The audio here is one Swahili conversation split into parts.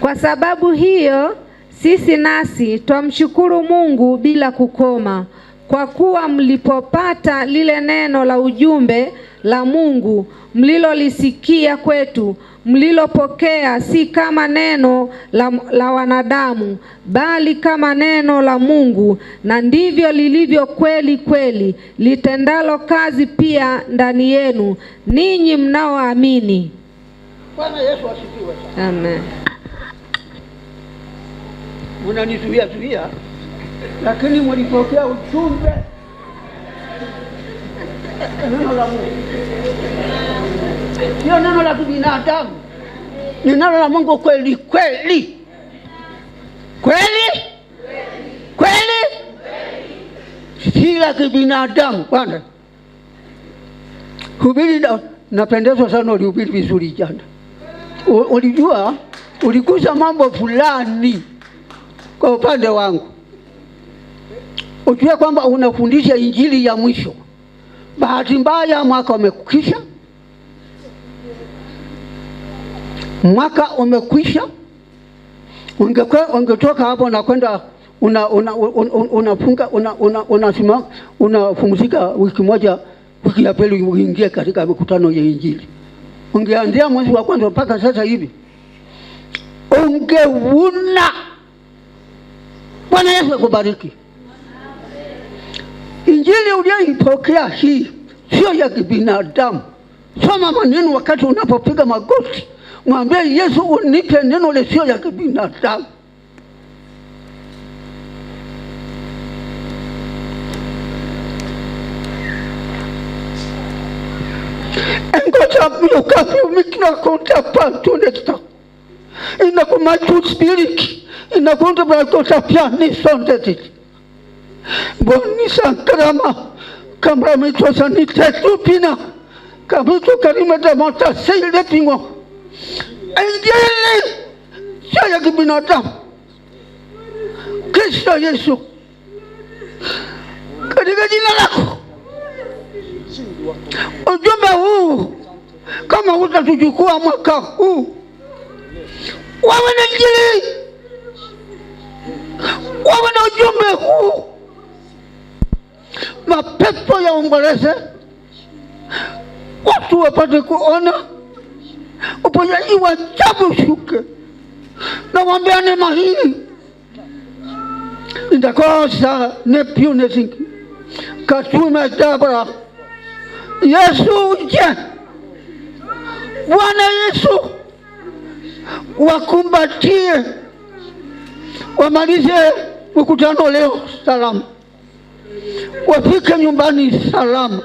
Kwa sababu hiyo sisi nasi twamshukuru Mungu bila kukoma, kwa kuwa mlipopata lile neno la ujumbe la Mungu mlilolisikia kwetu, mlilopokea si kama neno la, la wanadamu, bali kama neno la Mungu, na ndivyo lilivyo kweli kweli, litendalo kazi pia ndani yenu ninyi mnaoamini. Bwana Yesu asifiwe. Amen unanizuia zuia, lakini mlipokea ujumbe neno la Mungu, sio neno la kibinadamu, ni neno la Mungu kweli kweli kweli kweli, si la kibinadamu. Bwana hubiri, napendezwa sana, ulihubiri vizuri jana. Ulijua uligusa mambo fulani kwa upande wangu, ujue kwamba unafundisha injili ya mwisho. Bahati mbaya, mwaka umekwisha, mwaka umekwisha. Ungetoka hapo na kwenda unafunga una unapumzika wiki moja, wiki ya pili uingie katika mikutano ya injili. Ungeanzia mwezi wa kwanza mpaka sasa hivi ungeuna Bwana Yesu akubariki. Injili uliyoipokea hii sio ya kibinadamu. Soma maneno wakati unapopiga magoti, mwambie Yesu, unipe neno lisio ya kibinadamu. engoja ukafyumikila kutapatuleta inakumachusbiriki nakundu brakotapya nisondetit bonni sankarama kamramitosani tetupina kamutu karimadamota seildetingo injili sio ya kibinadamu Kristo Yesu katika jina lako ujumbe huu kama utatuchukua mwaka huu wawe na injili Kwawe na ujumbe huu, mapepo yaomboleze, watu wapate kuona, uponyaji wa ajabu ushuke. Nawambia neema hii nitakosa nepyunezingi katuma dabra Yesu je, Bwana Yesu wakumbatie, wamalize mkutano leo salama, wafike nyumbani salama,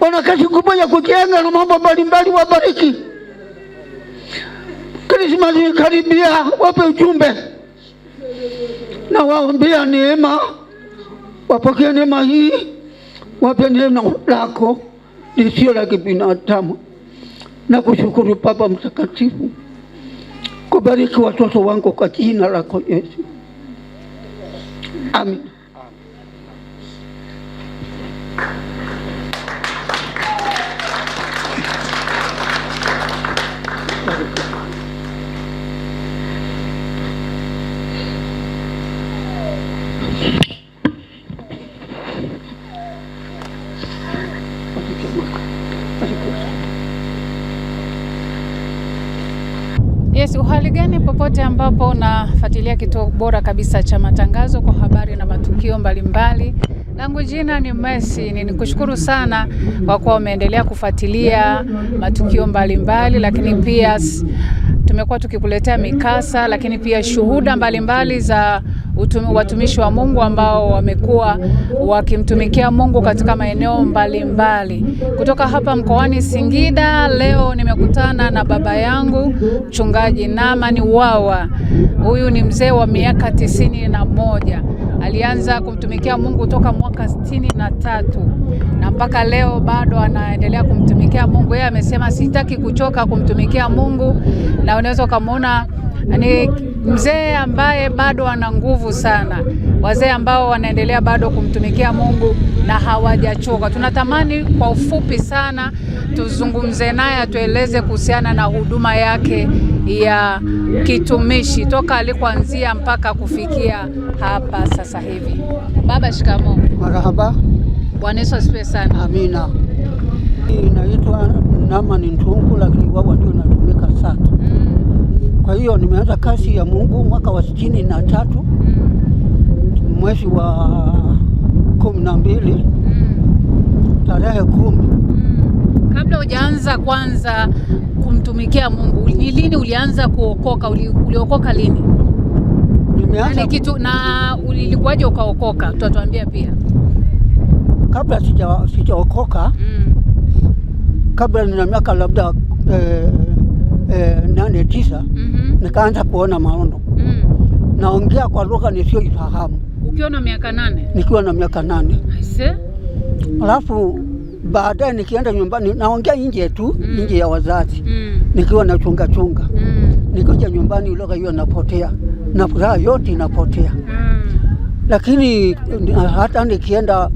wana kazi kubwa ya kujenga na mambo mbalimbali. Wabariki, Krismasi karibia, wape ujumbe na waombea neema, wapokee neema hii, wape neno lako lisio la kibinadamu. Na kushukuru Baba Mtakatifu, kubariki watoto wangu kwa jina lako Yesu. I Amin. Uhali gani popote ambapo unafuatilia kituo bora kabisa cha matangazo kwa habari na matukio mbalimbali mbali. Langu jina ni ni nikushukuru sana kwa kuwa umeendelea kufuatilia matukio mbalimbali mbali, lakini pia tumekuwa tukikuletea mikasa lakini pia shuhuda mbalimbali mbali za watumishi wa Mungu ambao wamekuwa wakimtumikia Mungu katika maeneo mbalimbali kutoka hapa mkoani Singida. Leo nimekutana na baba yangu Mchungaji namani Wawa. Huyu ni mzee wa miaka tisini na moja. Alianza kumtumikia Mungu toka mwaka sitini na tatu na mpaka leo bado anaendelea kumtumikia Mungu. Yeye amesema sitaki kuchoka kumtumikia Mungu, na unaweza ukamwona ni mzee ambaye bado ana nguvu sana, wazee ambao wanaendelea bado kumtumikia Mungu na hawajachoka. Tunatamani kwa ufupi sana tuzungumze naye, atueleze kuhusiana na huduma yake ya kitumishi toka alikuanzia mpaka kufikia hapa sasa hivi. Baba, shikamo. Marhaba. Bwana Yesu asifiwe sana. Amina. Inaitwa Namani Ntungu, lakini wao kwa hiyo nimeanza kazi ya Mungu mwaka wa sitini na tatu mwezi wa kumi na mbili tarehe kumi. Kabla hujaanza kwanza kumtumikia Mungu, ni lini ulianza kuokoka? Uliokoka lini? Nimeanza yaani kitu na ulikuwaje ukaokoka? Tutatuambia pia kabla sijaokoka sija mm. kabla nina miaka labda eh, Eh, nane tisa mhm. nikaanza kuona maono mm. naongea kwa lugha nisioifahamu ukiona miaka nane? Nikiwa na miaka nane. Alafu baadaye nikienda nyumbani naongea nje tu mm. nje ya wazazi mm. nikiwa na chunga chunga mm. nikija nyumbani lugha hiyo napotea na furaha yote inapotea mm. Lakini hata nikienda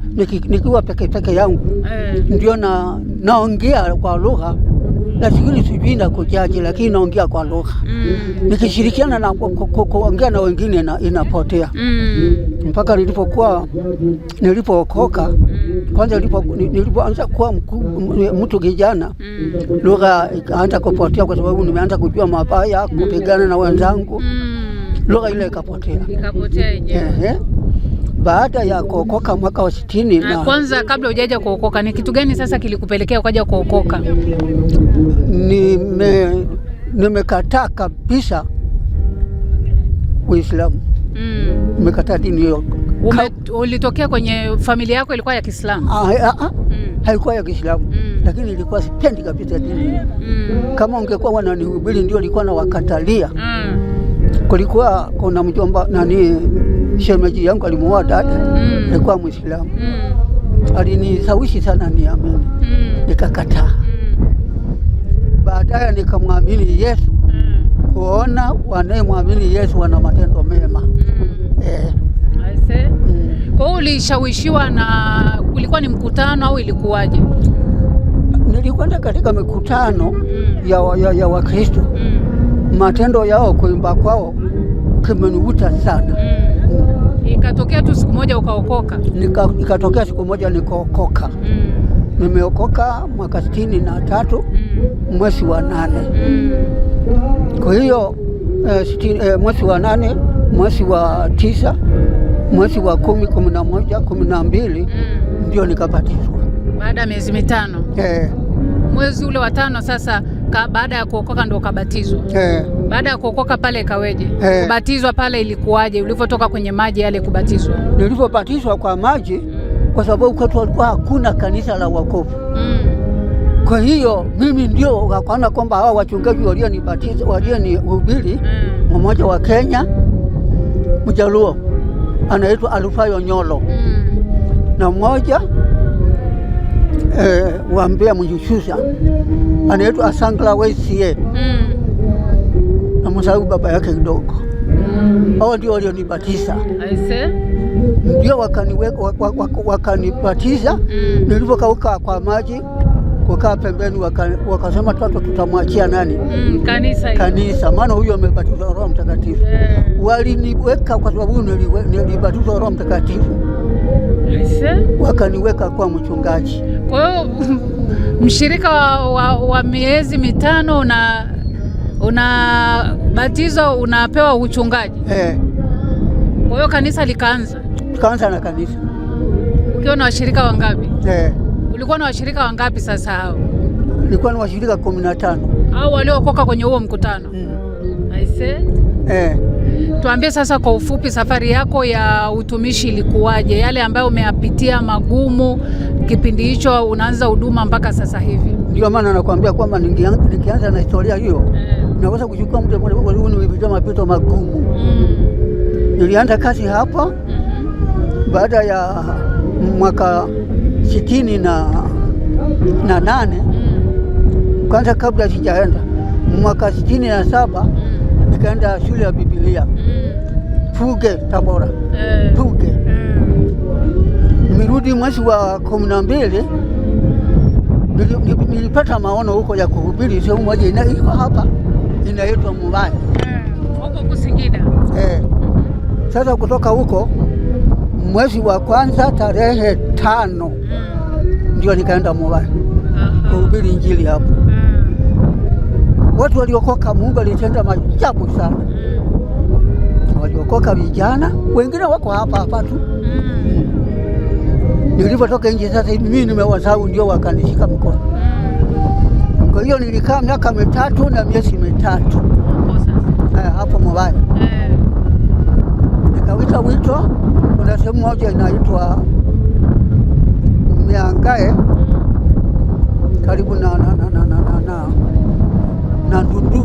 nikiwa peke peke yangu eh. ndio na naongea kwa lugha na sikili sijui na kujaji, lakini naongea kwa lugha mm. nikishirikiana na kuongea na wengine inapotea mm. mpaka nilipokuwa nilipookoka mm. kwanza nilipoanza kuwa mtu kijana mm. lugha ikaanza kupotea kwa sababu nimeanza kujua mabaya kupigana na wenzangu mm. lugha ile ikapotea, ikapotea baada ya kuokoka mwaka wa sitini na, na kwanza, kabla hujaja kuokoka, ni kitu gani sasa kilikupelekea ukaja kuokoka? Nime nimekataa kabisa Uislamu. Mm. Nimekataa dini hiyo. Ulitokea kwenye familia yako ilikuwa ya Kiislamu? Ah, eh, ah, ah. Mm. Haikuwa ya Kiislamu. Mm. Lakini ilikuwa sipendi kabisa dini. Mm. Kama ungekuwa wananihubiri ndio nilikuwa na wakatalia. Mm. Kulikuwa kuna mjomba nani shemeji yangu alimuoa dada, nilikuwa mm. Muislamu mm. alinisawishi sana niamini mm. nikakataa mm. baadaye nikamwamini Yesu mm. kuona wanayemwamini Yesu wana matendo mema mm. eh. Mm. Kwa hiyo ulishawishiwa na ulikuwa ni mkutano au ilikuwaje? Nilikwenda katika mikutano mm. ya, ya, ya Wakristo mm. matendo yao, kuimba kwao kimenivuta sana mm. Ikatokea tu siku moja ukaokoka? Nika, ikatokea siku moja nikaokoka. mm. Nimeokoka mwaka sitini na tatu mm. mwezi wa nane mm. kwa hiyo eh, eh mwezi wa nane mwezi wa tisa mwezi wa kumi kumi na moja kumi na mbili mm. ndio nikabatizwa baada ya miezi mitano eh. Mwezi ule wa tano sasa baada ya kuokoka ndo ukabatizwa eh? Baada ya kuokoka pale ikaweje? Eh, kubatizwa pale ilikuwaje? Ulivyotoka kwenye maji yale kubatizwa? Nilivyobatizwa kwa maji, kwa sababu kwetu walikuwa hakuna kanisa la wakovu mm. Kwa hiyo mimi ndio wakaona kwamba hawa wachungaji walionibatiza walionihubiri mm. mmoja wa Kenya mjaluo anaitwa Alufayo Nyolo mm. na mmoja eh, waambia mujishusha anaitwa Asangla Wesie mm. na msahau baba yake kidogo mm. hao ndio walionibatiza ndio wakaniweka wakanibatiza mm. nilipokauka kwa maji kukaa pembeni wakasema waka tatu tutamwachia nani? mm, kanisa, kanisa maana huyo amebatizwa Roho Mtakatifu yeah. Hmm. Waliniweka kwa sababu nilibatizwa Roho Mtakatifu, wakaniweka kwa mchungaji kwa hiyo mshirika wa, wa, wa miezi mitano una unabatizwa unapewa uchungaji eh. Kwa hiyo kanisa likaanza tukaanza na kanisa ukiwa na washirika wangapi eh? Ulikuwa na washirika wangapi sasa hao? Ulikuwa na washirika kumi na tano au waliokoka kwenye huo mkutano mm. see. eh. Tuambie sasa kwa ufupi, safari yako ya utumishi ilikuwaje, yale ambayo umeyapitia magumu kipindi hicho unaanza huduma mpaka sasa hivi. Ndio maana nakwambia kwamba nikianza na historia hiyo mm. Eh. naweza kuchukua muda mrefu, mapito magumu mm. nilianza kazi hapa mm -hmm. baada ya mwaka sitini na, na nane mm. kwanza, kabla sijaenda mwaka sitini na saba mm. nikaenda shule ya Biblia mm. Fuge Tabora mm. Fuge Nimerudi mwezi wa kumi na mbili, nilipata maono huko ya kuhubiri sehemu moja iko hapa inaitwa Mubaya mm, huko Kusingida. Eh, sasa kutoka huko mwezi wa kwanza tarehe tano mm. ndio nikaenda Mubaya kuhubiri Injili hapo. Mm. Watu waliokoka, Mungu alitenda majabu sana, waliokoka vijana, wengine wako hapa hapa tu. Nilivyotoka nje sasa hivi mimi nimewasahau, ndio wakanishika mkono. Mm. Kwa hiyo nilikaa miaka mitatu na miezi mitatu hapo eh, Mubaya, eh. nikawita wito. Kuna sehemu moja inaitwa Miangae mm. karibu na na na na na na na Ndundu,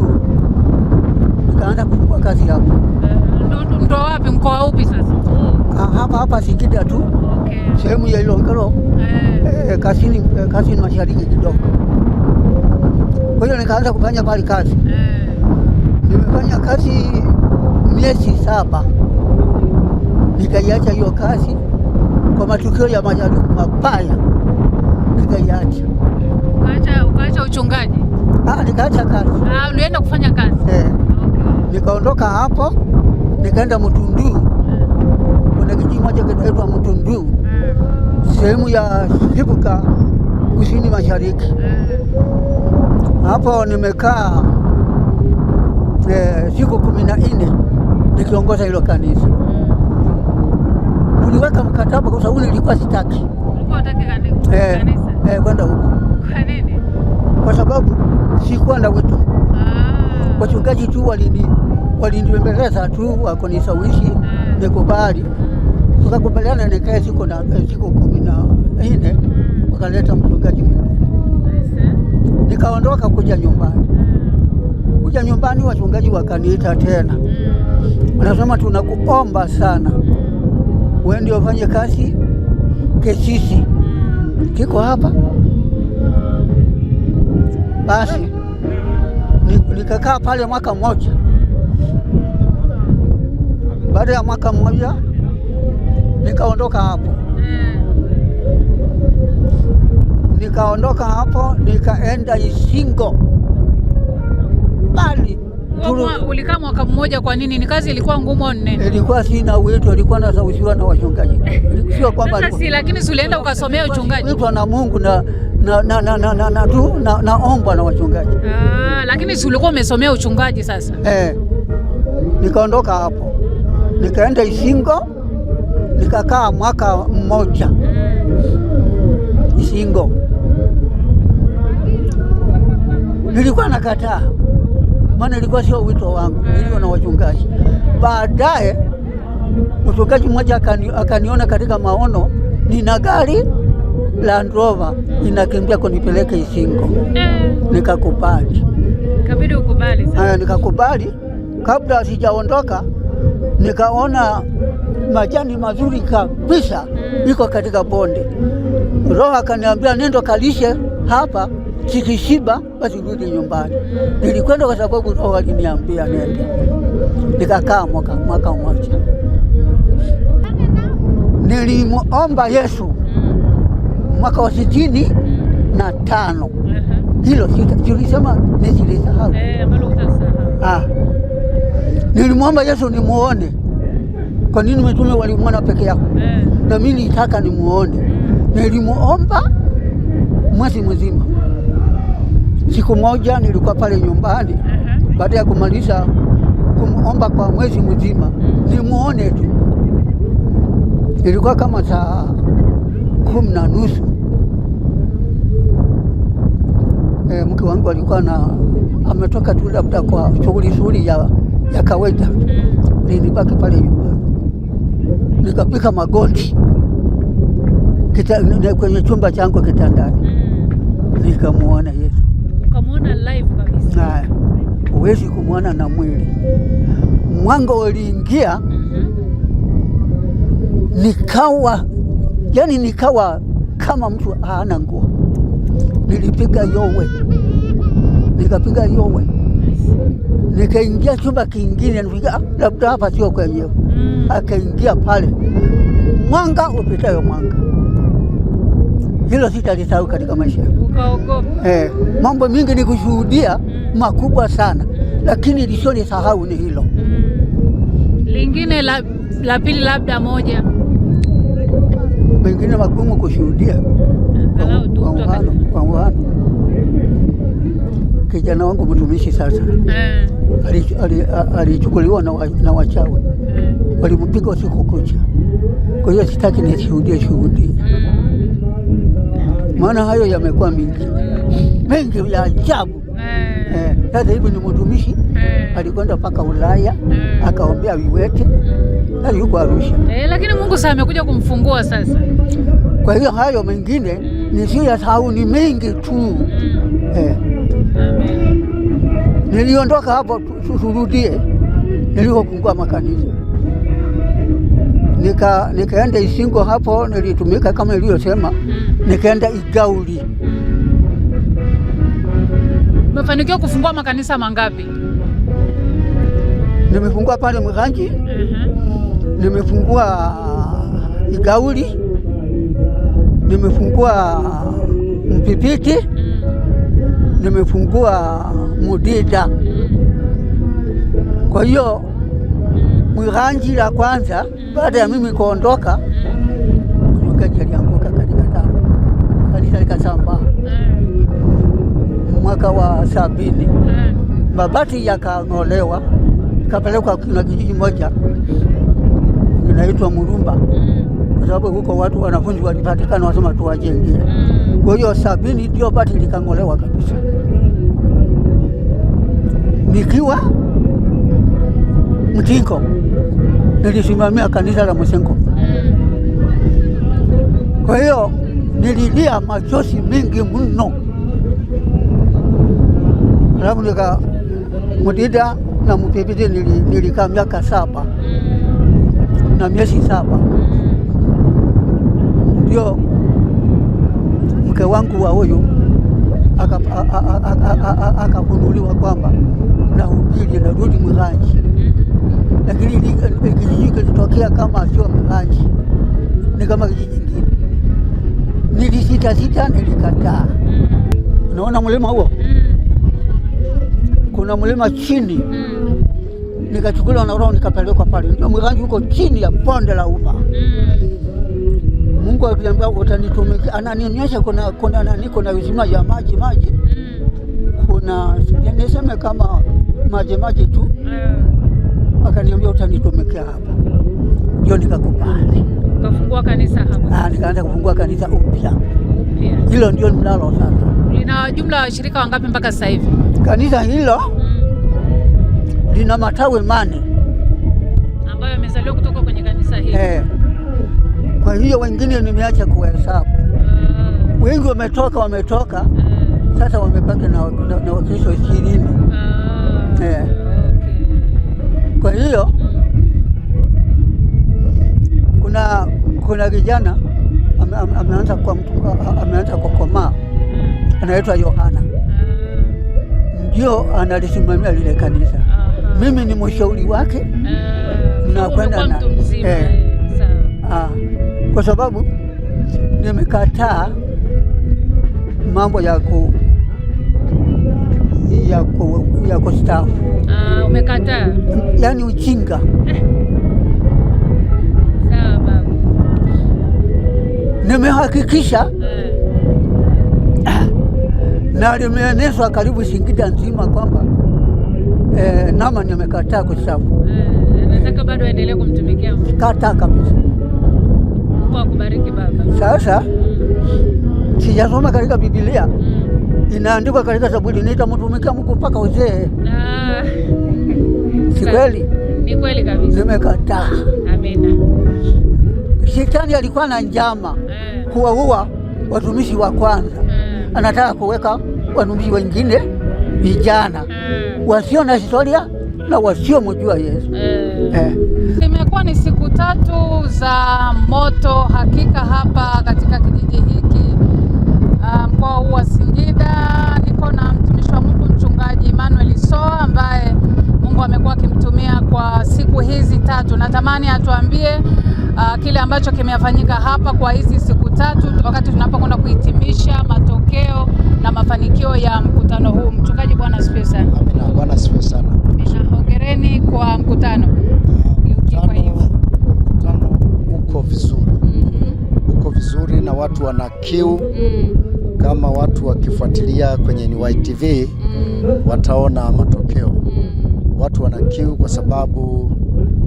nikaanza kuchukua kazi hapo. Eh, Ndundu ndo wapi? Mkoa upi sasa? Ah, hapa hapa Singida tu sehemu ya ilongero e, eh. eh, eh, kasini, kasini mashariki kidogo. Kwa hiyo nikaanza kufanya pale kazi e. Nimefanya kazi miezi saba, nikaiacha hiyo kazi kwa matukio ya majaribu mabaya, nikaiacha. Ukaacha uchungaji? Ah, nikaacha kazi. Ah, ulienda kufanya kazi? Eh. Okay. Nikaondoka hapo nikaenda Mtunduu kuna kijiji moja kinaitwa Mtundu sehemu ya Hibuka kusini mashariki. Hapo nimekaa eh, siku kumi na nne nikiongoza hilo kanisa. Tuliweka mkataba kwa sababu nilikuwa sitaki eh, eh, kwenda huko kwa sababu sikuwa na wito. Wachungaji tu walini waliniembeleza tu wakonishawishi nikubali tukakubaliana nikae siku na siku kumi na nne wakaleta mchungaji mwingine, nikaondoka kuja nyumbani. Kuja nyumbani, wachungaji wakaniita tena, wanasema tunakuomba sana, wewe ndio ufanye kazi, kesisi kiko hapa. Basi nikakaa pale mwaka mmoja. Baada ya mwaka mmoja nikaondoka hapo mm. Nikaondoka hapo nikaenda Isingo bali Tulu... Ulikaa mwaka mmoja, kwa nini? Ni kazi ilikuwa ngumu au Ilikuwa sina wito, ilikuwa nasausiwa na wachungaji, sio kwamba sasa si, lakini si ulienda ukasomea uchungaji, witwa na Mungu na na na na na na, na tu na, naomba na wachungaji. Ah, lakini si ulikuwa umesomea uchungaji sasa? Eh, nikaondoka hapo nikaenda Isingo nikakaa mwaka mmoja Isingo, nilikuwa nakataa, maana ilikuwa sio wito wangu, nilio na wachungaji. Baadaye mchungaji mmoja akani, akaniona katika maono nina gari Land Rover inakimbia kunipeleke Isingo, eh. nikakubali. Kabidi ukubali sasa. Nikakubali, kabla sijaondoka nikaona majani mazuri kabisa, mm. iko katika bonde. Roho akaniambia nendo kalishe hapa, sikishiba basi rudi nyumbani. Mm. Nilikwenda kwa sababu Roho aliniambia nende, nikakaa mwaka mwaka mmoja. Nilimuomba Yesu mm. mwaka wa sitini na tano. Uh-huh. Hilo tulisema nisilisahau. Eh, ah. Nilimwomba Yesu nimuone kwa nini umetume walimwona peke yako? Eh. Na mimi nitaka nimuone, mm. nilimuomba mwezi mzima. Siku moja nilikuwa pale nyumbani uh-huh. baada ya kumaliza kumuomba kwa mwezi mzima, mm. nimuone tu. Ilikuwa kama saa kumi na nusu. E, mke wangu alikuwa na ametoka tu labda kwa shughuli shughuli ya, ya kawaida. Mm. Nilibaki pale nyumbani nikapika magoti kita, kwenye chumba changu kitandani mm. Nikamwona Yesu. Ukamwona live kabisa? Huwezi kumwona na mwili, mwanga uliingia mm-hmm. Nikawa yani, nikawa kama mtu hana nguo. Nilipiga yowe, nikapiga yowe, nikaingia chumba kingine, nikafikia ah, labda hapa sio kwenyewe Mm. akaingia pale, mwanga upitayo mwanga. Hilo sitalisahau katika mm. maisha yangu. Eh, mambo mingi ni kushuhudia mm. makubwa sana, lakini sahau ni hilo. Lingine la, la pili labda moja mengine magumu kushuhudia. Kwa mfano, kwa mfano kijana wangu mtumishi sasa eh. alichukuliwa na wachawi walimpiga usiku kucha. Kwa hiyo sitaki nishuhudie shuhudie, mm. maana hayo yamekuwa mingi mengi ya ajabu. Mm. Eh, sasa hivi ni mtumishi mm. alikwenda mpaka Ulaya akaombea viwete, na yuko Arusha. Eh, lakini Mungu sasa amekuja kumfungua sasa. Kwa hiyo hayo mengine sahau ni mengi tu eh. Niliondoka hapo turudie nilikofungua makanisa nika nikaenda Isingo, hapo nilitumika kama iliyosema, mm. nikaenda Igauli. Mm. Umefanikiwa kufungua makanisa mangapi? Nimefungua pale Mkanji. Uh-huh. uh -huh. Nimefungua uh, Igauli, mm. nimefungua Mpipiti. uh -huh. Nimefungua Mudida. Kwa hiyo Mwiranji la kwanza baada ya mimi kuondoka, mchungaji alianguka katika dhambi, kanisa likasambaa mwaka wa sabini, mabati yakang'olewa, kapelekwa kuna kijiji moja inaitwa Murumba, kwa sababu huko watu wanafunzi walipatikana, wasoma tuwajengie. Kwa hiyo sabini ndio bati likang'olewa kabisa, nikiwa mtingo nilisimamia kanisa la Mwesenko. Kwa hiyo nililia machozi mingi mno, alafu nika mudida na mpipiti nilikaa miaka saba na miezi saba, ndio mke wangu wa huyu akafunuliwa kwamba nahubiri, narudi Mughanji kila kama sio Mlanji, ni kama kijiji kingine. Nilisita sita, nilikataa. Unaona mlima huo, mm. kuna mlima chini, mm. nikachukuliwa na roho nikapelekwa pale, ndio Mlanji huko chini ya bonde la Ufa. Mm. Mungu akiambia utanitumikia, ananionyesha kuna kuna nani, kuna visima ya maji maji, kuna niseme kama maji maji tu, akaniambia utanitumikia hapa ndio nikakubali mm. kafungua kanisa hapa. Ah, nikaanza kufungua kanisa upya. Hilo ndio mlalo sasa. Lina jumla washirika wangapi mpaka sasa hivi? Kanisa hilo mm. lina matawi mane ambayo yamezaliwa kutoka kwenye kanisa hili. Eh. Kwa hiyo wengine nimeacha kuhesabu. Uh. Wengi wametoka wametoka. Uh. Sasa wamebaki na na Wakristo ishirini. Uh. Eh. Okay. Kwa hiyo kuna kuna kijana ameanza kwa mtu ameanza kukomaa, mm. anaitwa Yohana, mm. ndio analisimamia lile kanisa. Mimi ni mshauri wake, nakwenda mm. na eh, ah, kwa sababu nimekataa mambo ya ku ya ku ya kustaafu. Ah, umekataa? Yaani uchinga eh. nimehakikisha eh. ah. na limeenezwa karibu Singida nzima kwamba eh, Nama nimekataa kusafu. Eh, eh, nataka bado aendelee kumtumikia Kataa kabisa. Mungu akubariki baba. Sasa mm. sijasoma katika Biblia mm. inaandikwa katika Zaburi nitamtumikia Mungu mpaka uzee. Ah. Si kweli? Ni kweli kabisa. Nimekataa. Amina. Shetani alikuwa na njama kuwaua watumishi wa kwanza, anataka kuweka watumishi wengine vijana wasio na historia na wasiomjua Yesu. Eh. Eh. Imekuwa ni siku tatu za moto hakika hapa katika kijiji hiki ah, mkoa huu wa Singida. Niko na mtumishi wa Mungu mchungaji Emmanuel Soa ambaye Mungu amekuwa akimtumia kwa siku hizi tatu. Natamani atuambie uh, kile ambacho kimefanyika hapa kwa hizi siku tatu, wakati tunapokwenda kuhitimisha matokeo na mafanikio ya mkutano huu. Mchungaji, Bwana asifiwe sana. Amina, Bwana asifiwe sana. Amina, hongereni kwa mkutano. Ah, mm-hmm. vizuri na watu wana kiu mm. kama watu wakifuatilia kwenye NYTV mm. wataona matokeo mm. watu wana kiu kwa sababu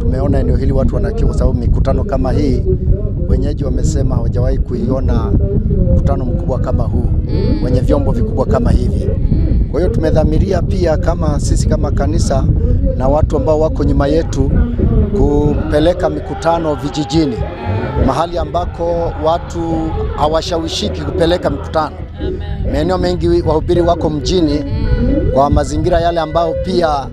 tumeona eneo hili watu wanakiwa kwa sababu mikutano kama hii wenyeji wamesema hawajawahi kuiona mkutano mkubwa kama huu wenye vyombo vikubwa kama hivi. Kwa hiyo tumedhamiria pia kama sisi kama kanisa na watu ambao wako nyuma yetu kupeleka mikutano vijijini, mahali ambako watu hawashawishiki kupeleka mikutano. Maeneo mengi wahubiri wako mjini kwa mazingira yale ambao pia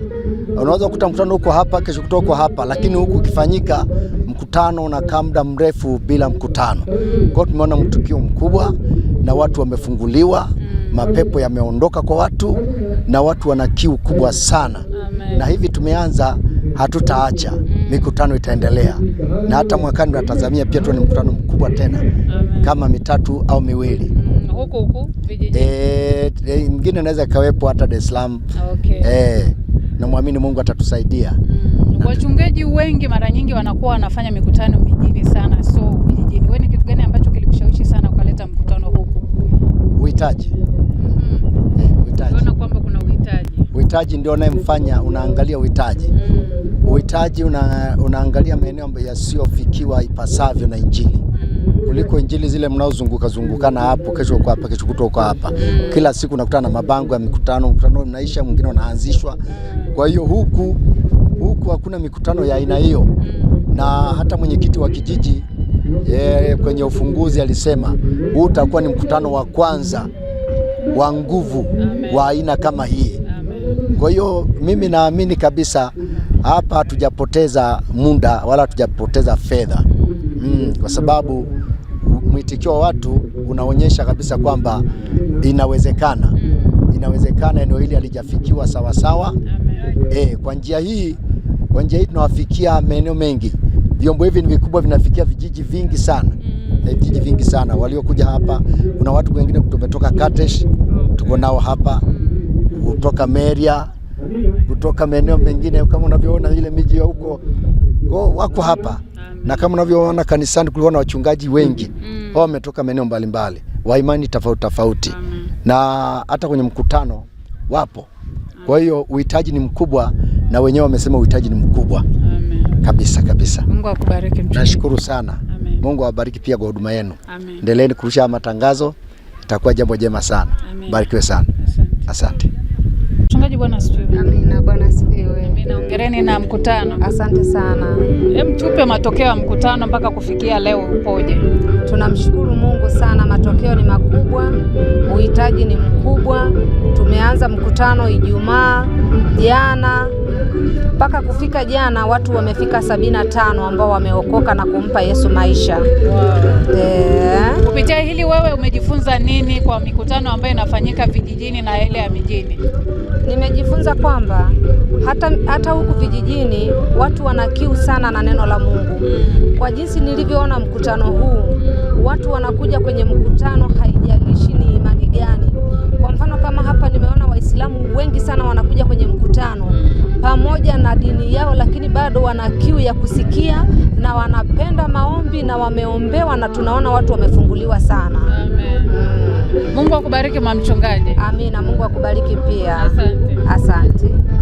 Unaweza kukuta mkutano huko hapa, kesho kutoka hapa, lakini huku ukifanyika mkutano unakaa muda mrefu bila mkutano. Kwa hiyo tumeona mtukio mkubwa na watu wamefunguliwa, mm. mapepo yameondoka kwa watu na watu wana kiu kubwa sana, na hivi tumeanza, hatutaacha mm. mikutano itaendelea, na hata mwakani tunatazamia pia tuwe na mkutano mkubwa tena kama mitatu au miwili mm, huku huku vijijini. E, eh, e, eh, ingine inaweza ikawepo hata Dar es Salaam. Okay. Eh namwamini Mungu atatusaidia. Mm, wachungaji wengi mara nyingi wanakuwa wanafanya mikutano mijini sana, so vijijini, wewe ni kitu gani ambacho kilikushawishi sana ukaleta mkutano huku? Uhitaji. mm -hmm. Eh, uhitaji. Unaona kwamba kuna uhitaji. Uhitaji ndio unayemfanya unaangalia uhitaji. Mm. Uhitaji una, unaangalia maeneo ambayo yasiyofikiwa ipasavyo na Injili kuliko injili zile mnaozunguka zungukana hapo, kesho uko hapa, kesho kutoka uko hapa. Kila siku nakutana na mabango ya mikutano, mkutano mnaisha, mwingine unaanzishwa. Kwa hiyo huku huku hakuna mikutano ya aina hiyo, na hata mwenyekiti wa kijiji e, kwenye ufunguzi alisema huu utakuwa ni mkutano wa kwanza wa nguvu wa aina kama hii. Kwa hiyo mimi naamini kabisa hapa hatujapoteza muda wala hatujapoteza fedha mm, kwa sababu mwitikio wa watu unaonyesha kabisa kwamba inawezekana, mm. inawezekana eneo hili halijafikiwa sawasawa. E, eh, kwa njia hii, kwa njia hii tunawafikia maeneo mengi. Vyombo hivi ni vikubwa, vinafikia vijiji vingi sana, mm. eh, vijiji vingi sana. Waliokuja hapa, kuna watu wengine tumetoka Katesh, tuko nao hapa, mm. kutoka Meria, kutoka maeneo mengine, kama unavyoona ile miji ya huko wako hapa na kama unavyoona kanisani kulikuwa na wachungaji wengi mm. mm. wao wametoka maeneo mbalimbali wa imani tofauti tofauti, na hata kwenye mkutano wapo. Kwa hiyo uhitaji ni mkubwa, na wenyewe wamesema uhitaji ni mkubwa. Amen. kabisa kabisa. Mungu akubariki. Nashukuru sana. Amen. Mungu awabariki pia kwa huduma yenu, endeleeni kurusha matangazo, itakuwa jambo jema sana. Amen. Barikiwe sana, asante, asante. Mchungaji, Bwana asifiwe. Amina, Bwana asifiwe. Amina, hongereni na mkutano. Asante sana. Hem, tupe matokeo ya mkutano mpaka kufikia leo upoje? Tunamshukuru Mungu sana, matokeo ni makubwa, uhitaji ni mkubwa. Tumeanza mkutano Ijumaa jana mpaka kufika jana watu wamefika sabini na tano ambao wameokoka na kumpa Yesu maisha. Wow. Yeah. Kupitia hili wewe umejifunza nini kwa mikutano ambayo inafanyika vijijini na ile ya mijini? nimejifunza kwamba hata, hata huku vijijini watu wana kiu sana na neno la Mungu. Kwa jinsi nilivyoona mkutano huu, watu wanakuja kwenye mkutano, haijalishi ni imani gani. Kwa mfano kama hapa, nimeona Waislamu wengi sana wanakuja kwenye mkutano pamoja na dini yao, lakini bado wana kiu ya kusikia na wanapenda maombi na wameombewa, na tunaona watu wamefunguliwa sana. Amen. Mungu akubariki mama mchungaji. Amina, Mungu akubariki pia. Asante, asante.